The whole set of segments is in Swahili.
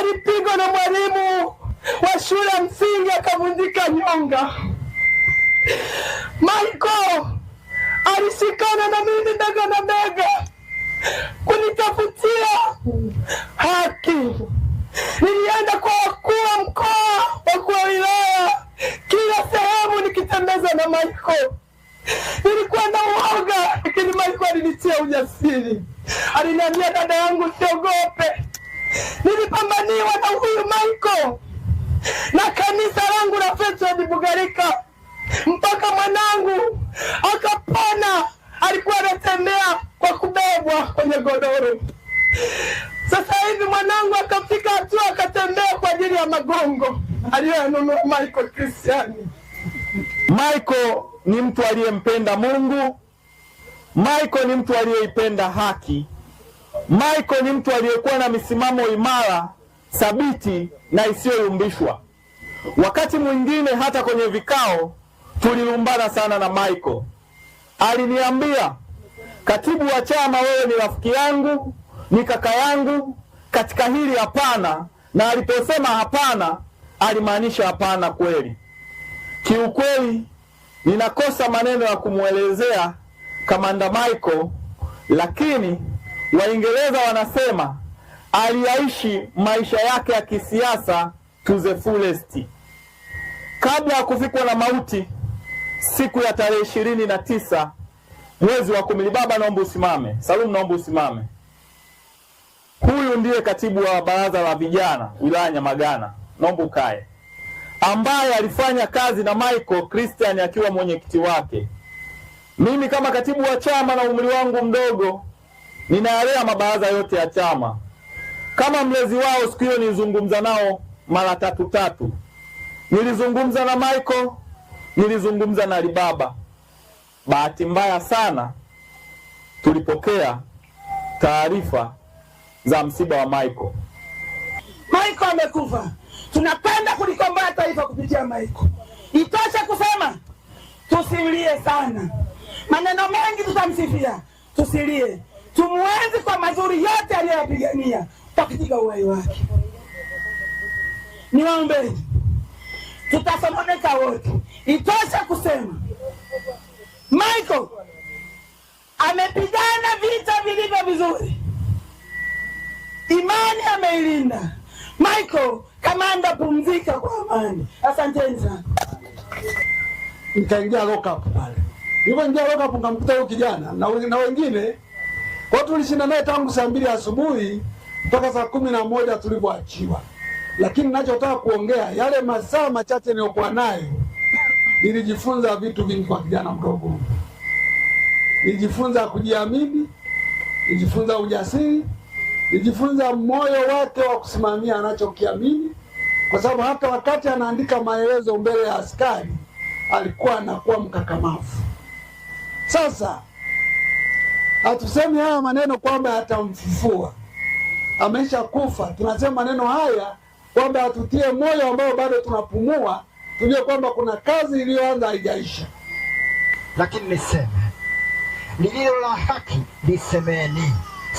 alipigwa na mwalimu wa shule ya msingi akavunjika nyonga. maiko alishikana na mimi ndaga na bega kunitafutia haki. Nilienda kwa wakuu wa mkoa, wakuu wa wilaya, kila sehemu nikitembeza na Maiko. Nilikuwa na uoga, lakini maiko alinitia ujasiri, aliniambia, dada yangu, siogope nimehukumiwa na huyu Maiko na kanisa langu la Faithword Bugarika, mpaka mwanangu akapona. Alikuwa anatembea kwa kubebwa kwenye godoro. Sasa hivi mwanangu akafika hatua akatembea kwa ajili ya magongo aliyoyanunua Michael Kristiani. Michael ni mtu aliyempenda Mungu. Michael ni mtu aliyeipenda haki. Michael ni mtu aliyekuwa na misimamo imara thabiti na isiyoyumbishwa. Wakati mwingine hata kwenye vikao tulilumbana sana na Michael. Aliniambia, katibu wa chama, wewe ni rafiki yangu, ni kaka yangu, katika hili hapana. Na aliposema hapana, alimaanisha hapana kweli. Kiukweli ninakosa maneno ya kumwelezea kamanda Michael, lakini Waingereza wanasema aliyaishi maisha yake ya kisiasa to the fullest kabla ya kufikwa na mauti siku ya tarehe ishirini na tisa mwezi wa kumi. Baba, naomba usimame. Salum, naomba usimame. Huyu ndiye katibu wa baraza la vijana wilaya Nyamagana, naomba ukae, ambaye alifanya kazi na Michael Christian akiwa mwenyekiti wake. Mimi kama katibu wa chama na umri wangu mdogo, ninayalea mabaraza yote ya chama. Kama mlezi wao, siku hiyo nilizungumza nao mara tatu tatu. Nilizungumza na Michael, nilizungumza na Alibaba. Bahati mbaya sana tulipokea taarifa za msiba wa Michael. Michael amekufa. Tunapenda kulikomboa taifa kupitia Michael. Itosha kusema tusilie sana, maneno mengi tutamsifia, tusilie, tumuenzi kwa mazuri yote aliyoyapigania katika uhai wake. Niwaombeni, tutasomoleka wote. Itosha kusema Michael amepigana vita vilivyo vizuri, imani ameilinda. Michael kamanda, pumzika kwa amani. Asanteni sana. Nikaingia lockup pale, nilipoingia lockup nikamkuta huyo kijana na wengine, kwa hiyo naye tangu saa mbili asubuhi mpaka saa kumi na moja tulivyoachiwa. Lakini ninachotaka kuongea, yale masaa machache niliyokuwa nayo, nilijifunza vitu vingi kwa kijana mdogo. Nilijifunza kujiamini, nilijifunza ujasiri, nilijifunza moyo wake wa kusimamia anachokiamini, kwa sababu hata wakati anaandika maelezo mbele ya askari alikuwa anakuwa mkakamavu. Sasa hatusemi haya maneno kwamba yatamfufua amesha kufa. Tunasema maneno haya kwamba atutie moyo ambao bado tunapumua, tujue kwamba kuna kazi iliyoanza haijaisha. Lakini niseme lililo la haki lisemeni,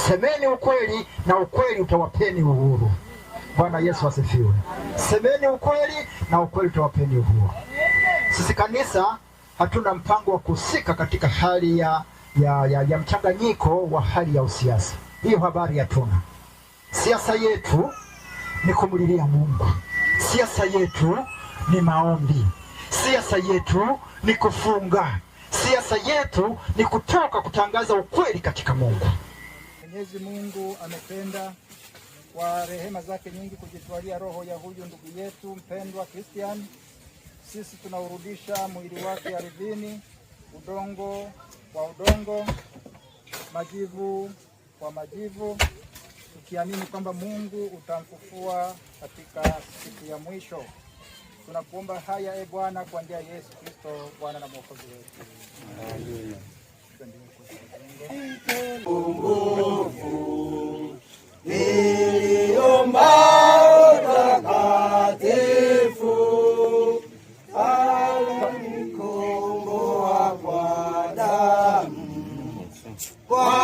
semeni ukweli na ukweli utawapeni uhuru. Bwana Yesu asifiwe. Semeni ukweli na ukweli utawapeni uhuru. Sisi kanisa hatuna mpango wa kuhusika katika hali ya, ya, ya, ya mchanganyiko wa hali ya usiasa. Hiyo habari hatuna. Siasa yetu ni kumlilia Mungu, siasa yetu ni maombi, siasa yetu ni kufunga, siasa yetu ni kutoka kutangaza ukweli katika Mungu. Mwenyezi Mungu amependa kwa rehema zake nyingi kujitwalia roho ya huyu ndugu yetu mpendwa Christian. Sisi tunaurudisha mwili wake ardhini, udongo kwa udongo, majivu kwa majivu ukiamini kwamba Mungu utamfufua katika siku ya mwisho. Tunakuomba haya e Bwana, kwa njia ya Yesu Kristo Bwana na Mwokozi wetu. Nguvu